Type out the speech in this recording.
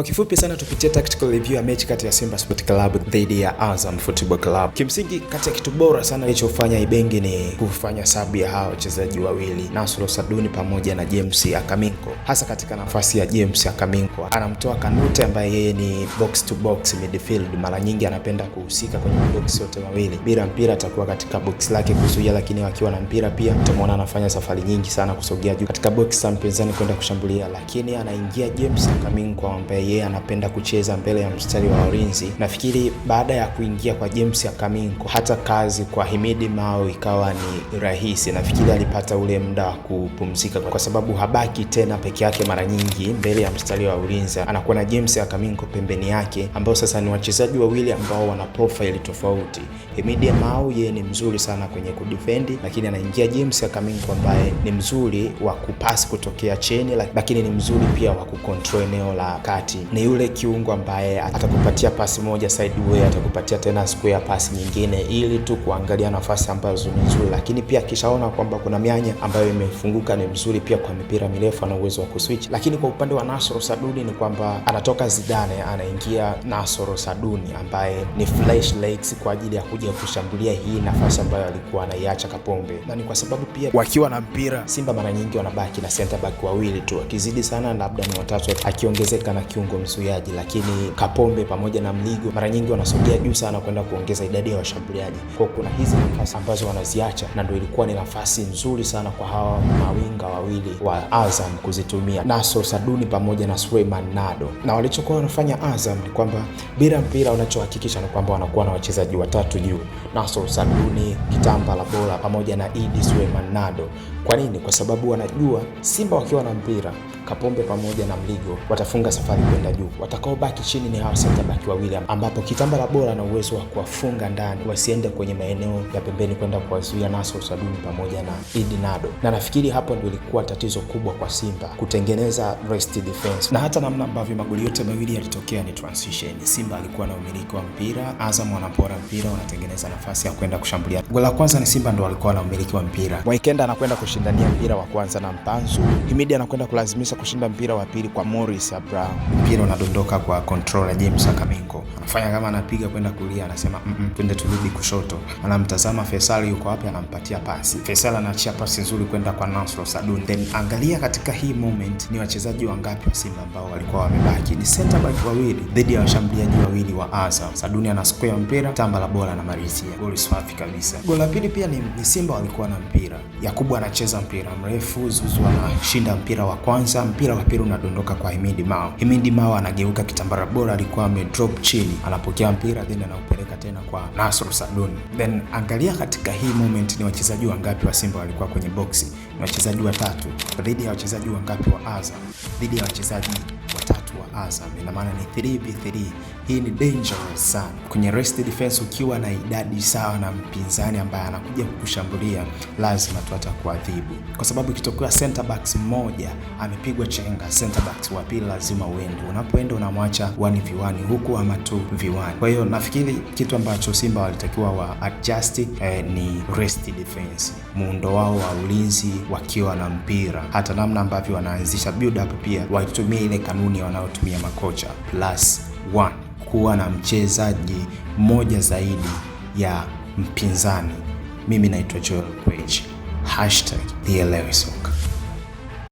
Kwa kifupi sana tupitie tactical review ya mechi kati ya Simba Sport Club dhidi ya Azam Football Club. Kimsingi kati ya kitu bora sana alichofanya Ibenge ni kufanya sabu ya hawa wachezaji wawili Nasro Saduni pamoja na James Akaminko, hasa katika nafasi ya James Akaminko anamtoa Kanute ambaye yeye ni box to box midfield, mara nyingi anapenda kuhusika kwenye box yote mawili. Bila mpira atakuwa katika box lake kuzuia, lakini wakiwa na mpira pia utamwona anafanya safari nyingi sana kusogea juu katika box za mpinzani kwenda kushambulia, lakini anaingia James Akaminko ambaye yeye anapenda kucheza mbele ya mstari wa ulinzi. Nafikiri baada ya kuingia kwa James Akaminko, hata kazi kwa Himidi Mao ikawa ni rahisi. Nafikiri alipata ule muda wa kupumzika, kwa sababu habaki tena peke yake. Mara nyingi mbele ya mstari wa ulinzi anakuwa na James Akaminko pembeni yake, ambao sasa ni wachezaji wawili ambao wana profile tofauti. Himidi Mao yeye ni mzuri sana kwenye kudefend, lakini anaingia James Akaminko ambaye ni mzuri wa kupasi kutokea cheni lakini ni mzuri pia wa kukontrol eneo la kati ni yule kiungo ambaye atakupatia pasi moja sideway, atakupatia tena square pasi nyingine, ili tu kuangalia nafasi ambazo ni nzuri, lakini pia akishaona kwamba kuna mianya ambayo imefunguka ni mzuri pia kwa mipira mirefu, ana uwezo wa kuswitch. Lakini kwa upande wa Nasoro Saduni ni kwamba anatoka Zidane anaingia Nasoro Saduni ambaye ni flash legs kwa ajili ya kuja kushambulia hii nafasi ambayo alikuwa anaiacha Kapombe, na ni kwa sababu pia wakiwa na mpira Simba mara nyingi wanabaki na center back wawili tu, akizidi sana labda ni watatu, akiongezeka na kiungo kiungo mzuiaji, lakini Kapombe pamoja na Mligo mara nyingi wanasogea juu sana kwenda kuongeza idadi ya washambuliaji. Kwa kuna hizi nafasi ambazo wanaziacha, na ndio ilikuwa ni nafasi nzuri sana kwa hawa mawinga wawili wa Azam kuzitumia Naso Saduni pamoja na Suleiman Nado, na walichokuwa wanafanya Azam ni kwamba bila mpira unachohakikisha ni kwamba wanakuwa na wachezaji watatu juu, Naso Saduni, Kitamba la Bola pamoja na Idi Suleiman Nado. Kwa nini? Kwa sababu wanajua Simba wakiwa na mpira Kapombe pamoja na Mligo watafunga safari kwenda juu. Watakaobaki chini ni hawa senta baki wawili, ambapo Kitambala bora na uwezo wa kuwafunga ndani wasiende kwenye maeneo ya pembeni kwenda kuwazuia Naso Saduni pamoja na Idi Nado, na nafikiri hapo ndio ilikuwa tatizo kubwa kwa Simba kutengeneza rest defense, na hata namna ambavyo magoli yote mawili yalitokea ni transition. Simba alikuwa na umiliki wa mpira, Azam wanapora mpira, wanatengeneza nafasi ya kwenda kushambulia. Goli la kwanza ni Simba ndio walikuwa na umiliki wa mpira, Waikenda anakwenda kushindania mpira wa kwanza na Mpanzu, Himidi anakwenda kulazimisha kushinda mpira wa pili kwa Morris Abraham. Mpira unadondoka kwa controller James Akamingo, anafanya kama anapiga kwenda kulia, anasema mm -mm, twende turudi kushoto, anamtazama Faisal yuko wapi, anampatia pasi. Faisal anaachia pasi nzuri kwenda kwa Nasro Sadun. Then angalia katika hii moment ni wachezaji wangapi wa Simba ambao walikuwa wamebaki, ni center back wawili dhidi ya washambuliaji wawili wa Azam. Saduni ana square mpira, tamba la bola na malizia goli safi kabisa. Goli la pili pia ni, ni Simba walikuwa na mpira, Yakubu anacheza mpira mrefu, Zuzu anashinda mpira wa kwanza mpira wa pili unadondoka kwa Himidi Mao. Himidi Mao anageuka, kitambara bora alikuwa amedrop chini, anapokea mpira then anaupeleka tena kwa Nasru saduni Then angalia katika hii moment ni wachezaji wangapi wa Simba walikuwa kwenye boksi wachezaji watatu dhidi ya wachezaji wangapi wa Azam? Dhidi ya wachezaji watatu wa Azam, ina maana ni 3v3. Hii ni dangerous sana kwenye rest defense. Ukiwa na idadi sawa na mpinzani ambaye anakuja kukushambulia, lazima tu atakuadhibu, kwa sababu ikitokea center backs mmoja amepigwa chenga, center backs wa pili lazima uende. Unapoenda unamwacha 1v1 huku ama 2v1. Kwa hiyo nafikiri kitu ambacho Simba walitakiwa wa adjust eh, ni rest defense, muundo wao wa ulinzi wakiwa na mpira, hata namna ambavyo wanaanzisha build up pia waitumie ile kanuni wanayotumia makocha plus one, kuwa na mchezaji mmoja zaidi ya mpinzani. Mimi naitwa Joel Page, hashtag soka.